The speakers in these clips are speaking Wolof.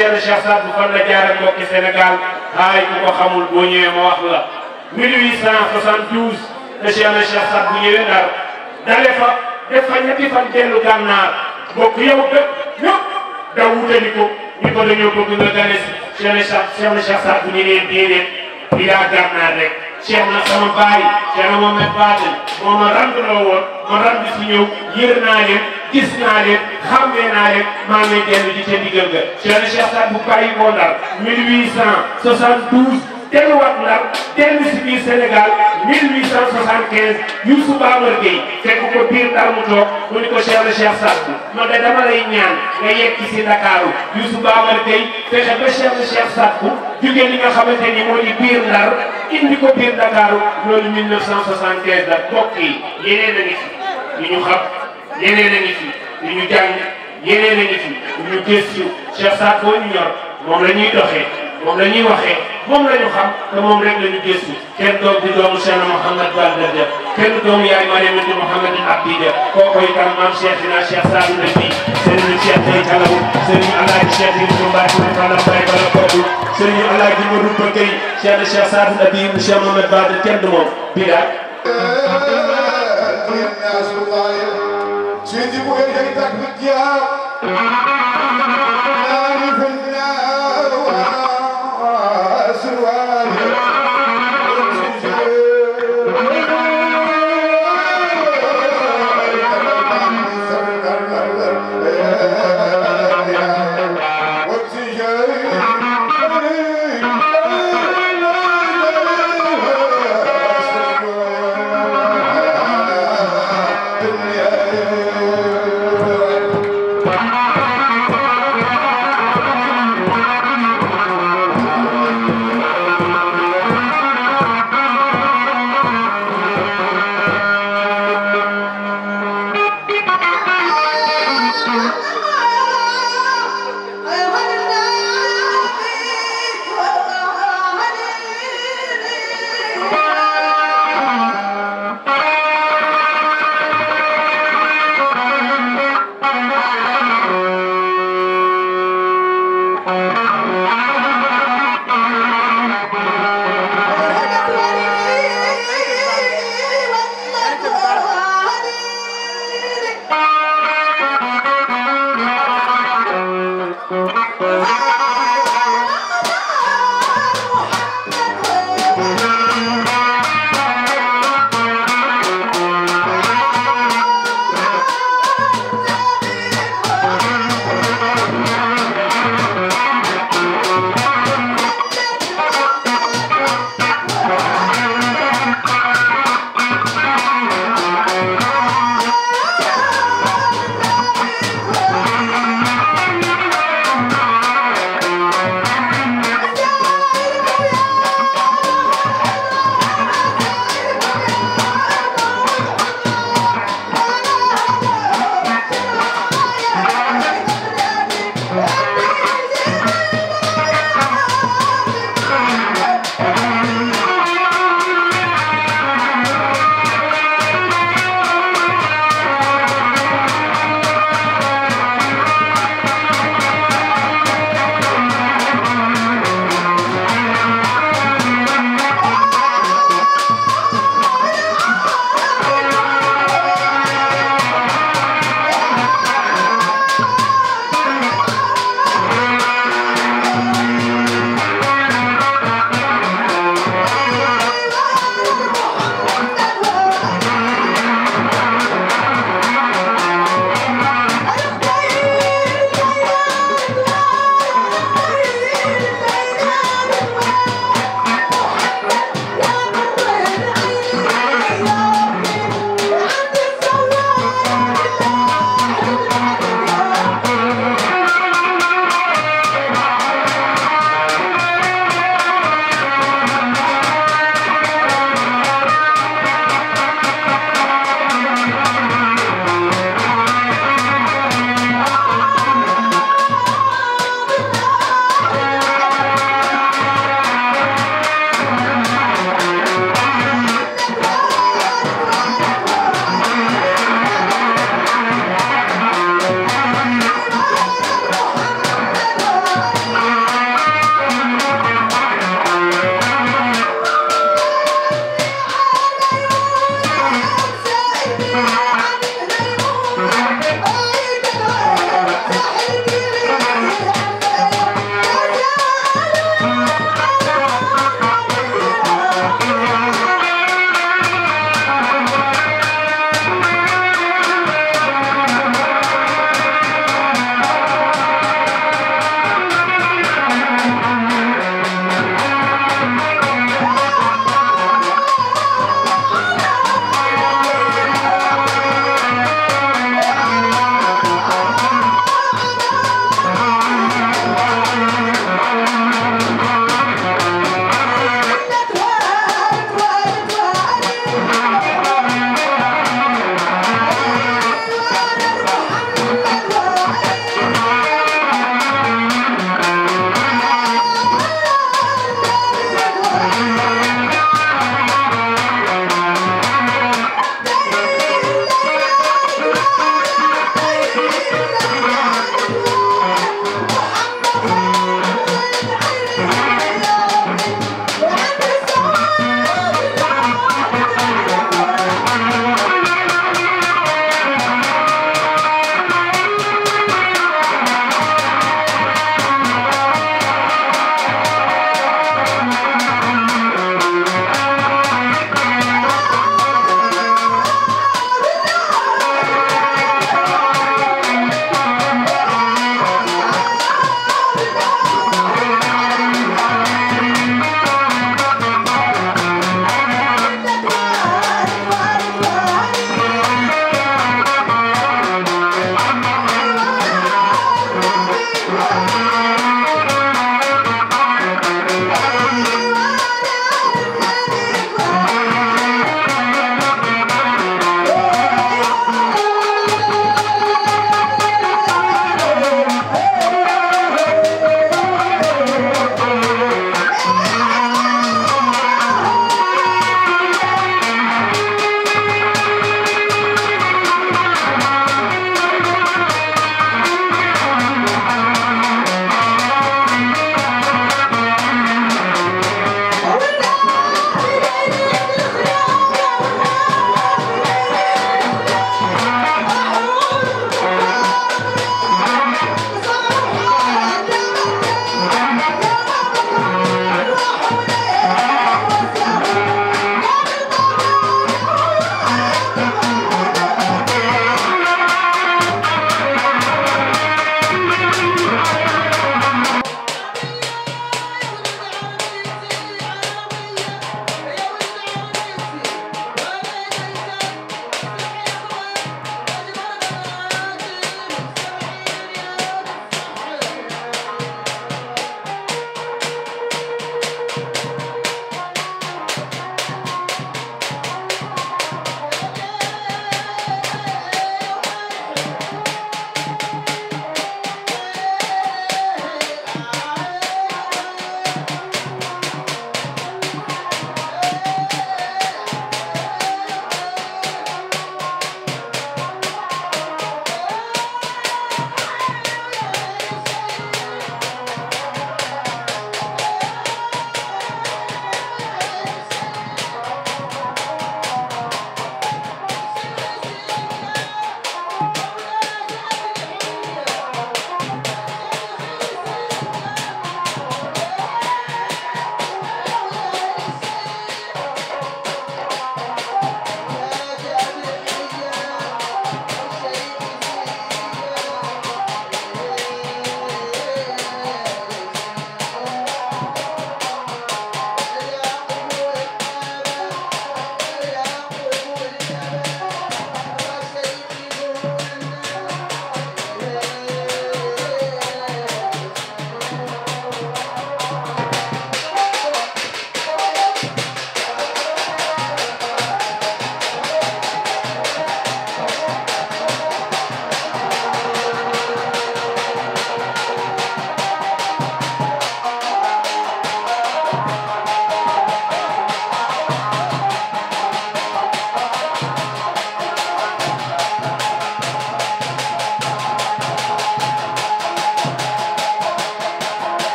Cheikh Cheikh Saad fan la jaar ak mbokki Sénégal ay ku ko xamul boo ñëwee ma wax la 1872 la Cheikh Cheikh Saad bu ñëwee Ndar dale fa def fa ñetti fan dellu gànnaar mbokk yow bépp ñëpp daw wutali ko ñu ko dañoo bëgg nga gane si Cheikh Cheikh Cheikh Saad bu ñu nee rek Cheikh na sama baay Cheikh na Mohamed Fadel ma rànd loo woon kon ram bis bu ñëw yër naa leen gis naa leen xàmmee naa leen maa ngi dellu ji te ndigal ga Cheikh Cheikh Saad bu bàyyi ko Ndar 1872 delluwaat Ndar dellu si biir Sénégal 1875 Youssou Bamar Gueye fekk ko biir Ndar mu toog mu ni ko Cheikh Cheikh Saad bu man de dama lay ñaan nga yegg si Ndakaaru Youssou Bamar Gueye fexe ba Cheikh Cheikh Saad bu jugee li nga xamante ni moo di biir Ndar indi ko biir Dakar loolu 1975 la bokk yi yeneen a ngi fi yu ñu xam yeneen a ngi fi yu ñu jàng yeneen a ngi fi yu ñu gëstu Cheikh Sarr boo ñu ñor moom la ñuy doxee moom la ñuy waxee moom la ñu xam te moom rek la ñu gëstu kenn doom di doomu Cheikh Mouhamad Balda Dia kenn doomu yaay Mariamatu Mouhamad Abdi Dia kooku itam maam Cheikh dina Cheikh Sarr la fii. sëriñ Cheikh Ndiaye Kalaw sëriñ El Hadj Cheikh Ndiaye Mbacke maanaam Baye Bala Kodou sëriñ El Hadj Modou Bakay Cheikh Cheikh Sadou Nabi Cheikh Mohamed Badr kenn du moom bii daal. سيدي بوغير كيتاك بالديار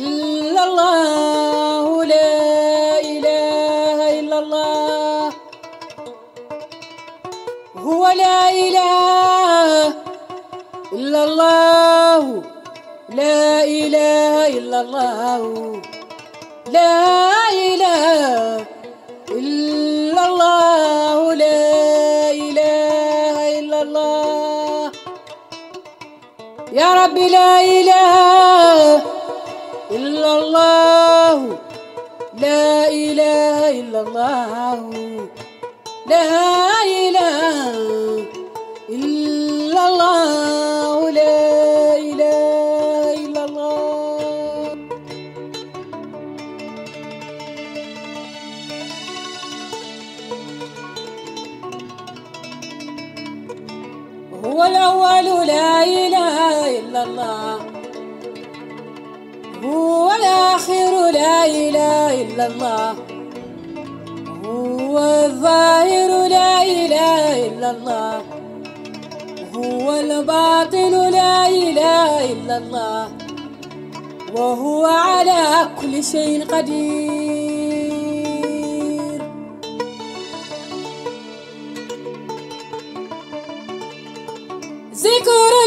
إلا الله لا إله إلا الله هو لا إله إلا الله لا إله إلا الله لا إله إلا الله لا إله إلا الله يا رب لا إله إلا الله لا إله إلا الله لا إله إلا الله لا إله إلا الله هو الأول لا إله إلا الله هو الآخر لا إله إلا الله هو الظاهر لا إله إلا الله هو الباطن لا إله إلا الله وهو على كل شيء قدير ذكر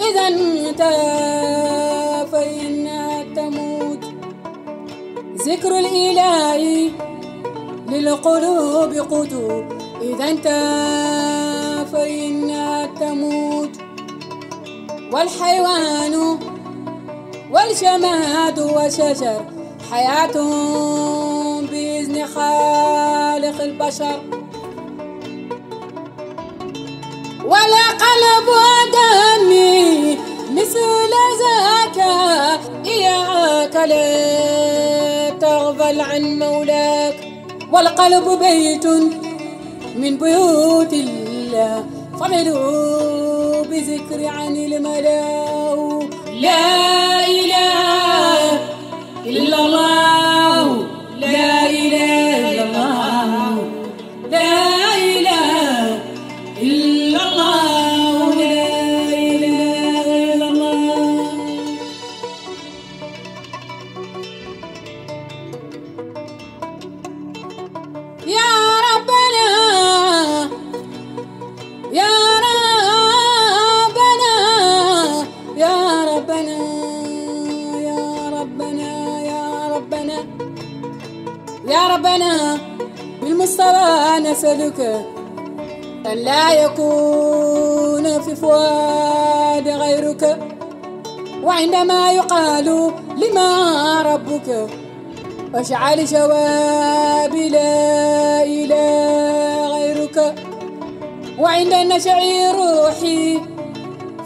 إذا انتهى فإنها تموت ذكر الإله للقلوب قدو إذا انتهى فإنها تموت والحيوان والجماد والشجر حياة بإذن خالق البشر ولا قلب فلا تغفل عن مولاك والقلب بيت من بيوت الله فملوا بذكر عن الملاك لا إله إلا الله المصطفى نسألك أن لا يكون في فؤاد غيرك وعندما يقال لما ربك واجعل جوابي لا إله غيرك وعند النشع روحي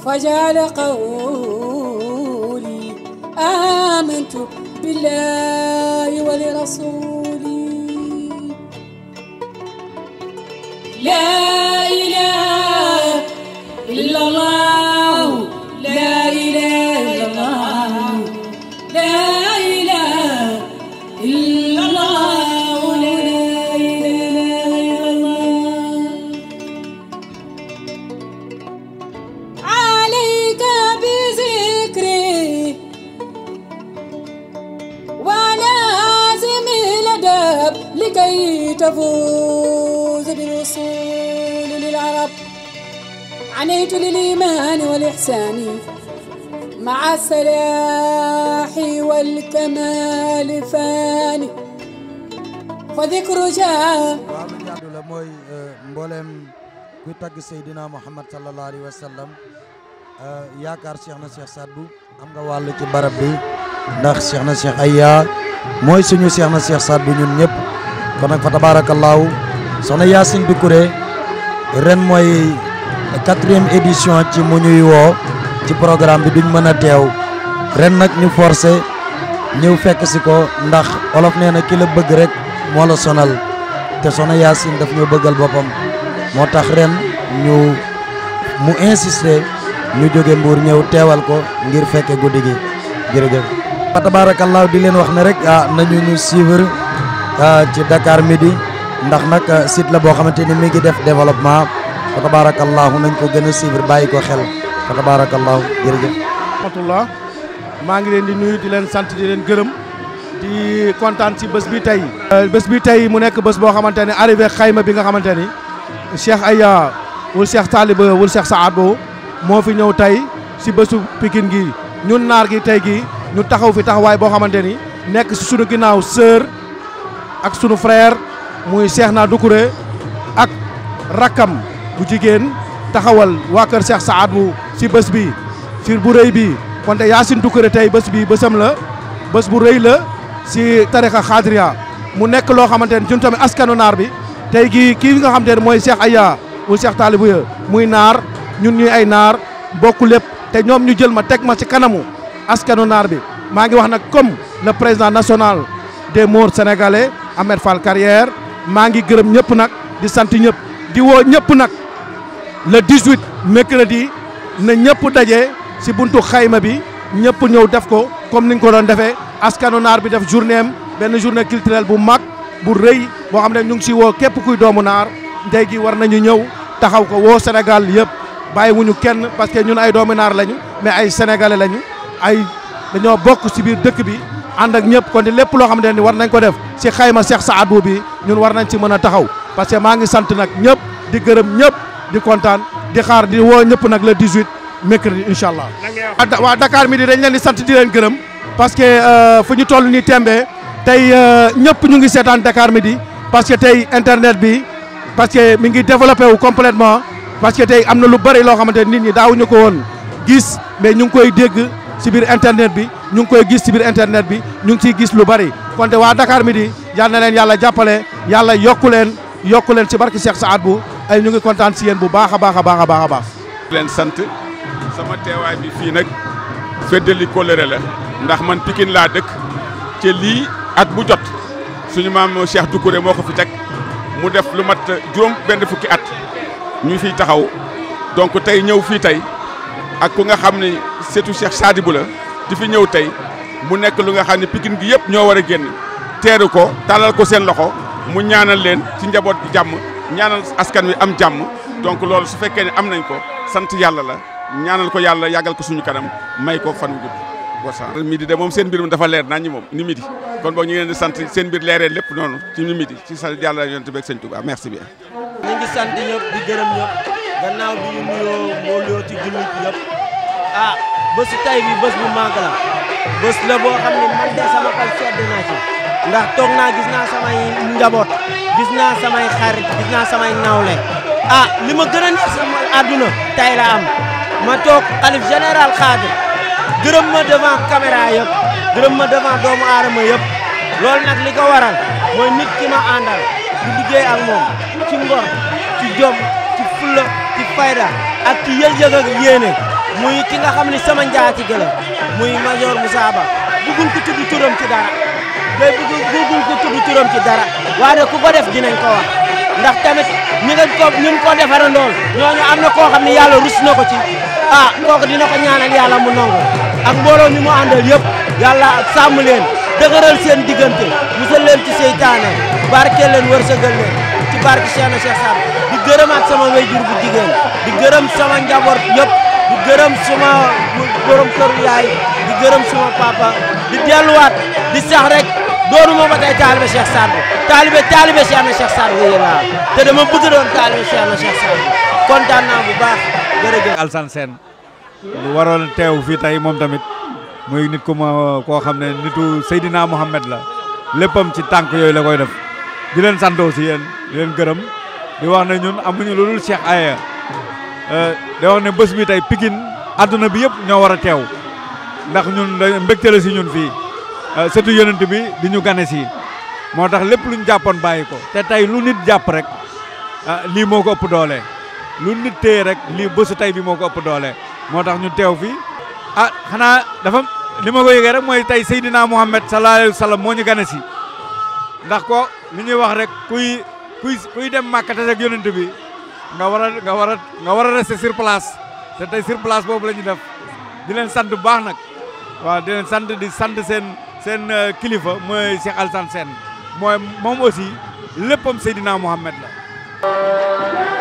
فجعل قولي آمنت بالله ولرسوله لا إله إلا الله أتيت للإيمان والإحسان مع الصلاح والكمال فاني فذكر جاء la mooy euh, mbooleem kuy tagg Seydina Muhammad sallallahu alayhi wa sallam euh, yaakaar Cheikh na Cheikh Sadbu am nga wàll ci barab bi ndax Cheikh na Cheikh Aya mooy suñu Cheikh na Cheikh Sadbu ñun ñëpp kon nag fa tabaarakallaahu soxna Yaasin Dukkure ren mooy quatrième édition ci mu ñuy woo ci programme bi duñ mën a teew ren nag ñu forcé ñëw fekk si ko ndax olof nee na kilo bëgg rek moo la sonal te sono Yaasin dafa ñu bëggal boppam moo tax ren ñu mu insister ñu jóge Mbuur ñëw teewal ko ngir fekke guddi gi jërëjëf wa tabaarakallaahu di leen wax ne rek ah nañu ñu suivre ah, ci Dakar Midi ndax nag ah, site la boo xamante ni mi ngi def développement fa tabaarakallaahu nañ ko gën a suivre bàyyi ko xel fa tabaarakallaahu jërëjëf rahmatullah maa ngi leen di nuyu di leen sant di leen gërëm di kontaan ci bés bi tey euh, bés bi tey mu nekk bés boo xamante ne arrivé xayma bi nga xamante ni Cheikh Aya wul Cheikh Taliba wul seex Saad Bou moo fi ñëw tey si bësu Pikine gi ñun naar gi tey gi ñu taxaw fi taxawaay boo xamante ni nekk si sunu ginnaaw sœur ak sunu frère muy Cheikh naa Doucouré ak rakkam bu jigéen taxawal waa kër Cheikh Saad bu ci bés bi ci bu rëy bi konte Yacine Doucouré tey bés bi bësam la bës bu rëy la si tarixa xaadria mu nekk loo xamante ne ñun tamit askanu naar bi tey gi kii nga xamante ne mooy Cheikh Aya ou Cheikh Talibou ya muy naar ñun ñuy ay naar bokk lépp te ñoom ñu jël ma teg ma ci kanamu askanu naar bi maa ngi wax nag comme le président national de moor sénégalais Ahmed Fall Carrière maa ngi gërëm ñëpp nag di sant ñëpp di woo ñëpp nag le 18 mercredi na ñëpp daje si buntu xayma bi ñëpp ñëw def ko comme ni ko doon defee askanu naar bi def journée am benn journée culturelle bu mag bu rëy boo xam ne ñu ngi si woo képp kuy doomu naar njay gi war nañu ñëw taxaw ko woo Sénégal yëpp bàyyiwuñu kenn parce que ñun ay doomu naar lañu mais ay sénégalais lañu ay dañoo bokk si biir dëkk bi ànd ak ñëpp kon di lépp loo xam ne ni war nañ ko def si xayma Cheikh sa Bou bi ñun war nañ si mën a taxaw parce que maa ngi sant nag ñëpp di gërëm ñëpp. di kontaan di xaar di woo ñëpp nag la le huit mercredi incha allah. waa Dakar Midi dañ leen di sant di leen gërëm parce que euh, fu ñu toll nii tembe tey euh, ñëpp ñu ngi seetaan Dakar Midi parce que tey internet bi parce que mi ngi développé wu complètement parce que tey am na lu bëri loo xamante nit ñi daawuñu ko woon gis mais ñu ngi koy dégg ci biir internet bi ñu ngi koy gis ci biir internet bi ñu ngi ciy gis lu bëri konte waa Dakar Midi yal na leen yàlla jàppale yàlla yokku leen yokku ci barki Cheikh Saad bu ay ñu ngi kontaan si yéen bu baax a baax a baax a leen sant sama teewaay bi fii nag feddali kóllëre la ndax man Pikine laa dëkk te lii at bu jot suñu maam Cheikh Doucouré moo ko fi teg mu def lu mat juróom fukki at ñu fiy taxaw donc tey ñëw fii tey ak ku nga xam ne seetu Cheikh Sadibou la di fi ñëw tey mu nekk lu nga xam ne Pikine gi yëpp ñoo war a génn teeru ko talal ko seen loxo mu ñaanal leen ci njaboot jàmm. ñaanal askan wi am jàmm donc loolu su fekkee ne am nañ ko sant yàlla la ñaanal ko yàlla yàggal ko suñu kanam may ko fan wu boo boosan midi de moom seen mbir dafa leer nañ ñi moom ni midi kon boog ñu ngi leen sant seen mbir leeree lépp noonu ci ni midi ci sa yàlla yonent bi ak sëñ Touba merci bien ñu ngi sant ñëpp di gërëm ñëpp gannaaw bi ñu nuyoo mbooloo ci jullit yëpp ah bésu tay bi bés bu màgg la la boo xam ne man de sama xol ci ndax toog naa gis naa samay njaboot gis naa samay xarit gis naa samay nawle ah li ma gën a neex sama àdduna tey la am ma toog xalif général Xaadir gërëm ma devant caméra yëpp gërëm ma devant doomu aadama yëpp loolu nag li ko mooy nit ki ma àndal di ak moom ci ngor ci jom ci fulla ci fayda ak ci yëg-yëg ak muy ki nga xam ni sama njaatige la muy major Moussa Ba bëggul ko tudd turam ci dara day bëgg bëggul ko tudd turam ci dara waaye ku ko def dinañ ko wax ndax tamit ñi ngeen ko ñi ko defarandool ñooñu am na koo xam ne yàlla rus na ko ci ah kooku dina ko ñaanal yàlla mu nangu ak mbooloo mi mu yëpp yàlla sàmm leen dëgëral seen diggante musal leen ci seytaane barkeel leen wërsëgal leen ci barke Cheikh na Cheikh Sam di gërëm ak sama wayjur bu jigéen di gërëm sama njaboot yëpp di gërëm suma borom kër yaay di gërëm suma papa di delluwaat di sax rek doonu moom a tey taalibe Cheikh Sadbou taalibe taalibe Cheikh na Cheikh Sadbou te dama bëgg doon taalibe Cheikh na Cheikh Sadbou naa bu baax jërëjëf. Alsane Sène lu waroon teew fii tey moom tamit muy nit ku ma koo xam ne nitu Seydina Mohamed la léppam ci tànk yooyu la koy def di leen sant aussi yéen di leen gërëm di wax na ñun amuñu lu dul Cheikh Aya euh, di wax ne bés bi tey Pikine àdduna bi yëpp ñoo war a teew ndax ñun mbégte la si ñun fii. Euh, sëtu yonent bi di ñu gane si moo tax lépp lu ñu jàppoon bàyyi ko te tey lu nit jàpp rek ah, lii moo ko ëpp doole lu nit téye rek lii bésu tey bi moo ko ëpp doole moo tax ñu teew fi a ah, xanaa dafa li ma ko yëgee rek mooy tey Seydina Muhammad sallallahu alayhi wa sallam moo ñu gane si ndax ko lu ñuy wax rek kuy kuy kuy dem màkkate rek yonent bi nga war a nga war a nga war a rester sur place te tey sur boobu lañu ñu def di leen sant bu baax nag waaw di leen sant di sant seen seen euh, kilifa mooy Cheikh Alassane Sène mooy moom aussi léppam Seydina Mouhamed la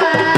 Bye.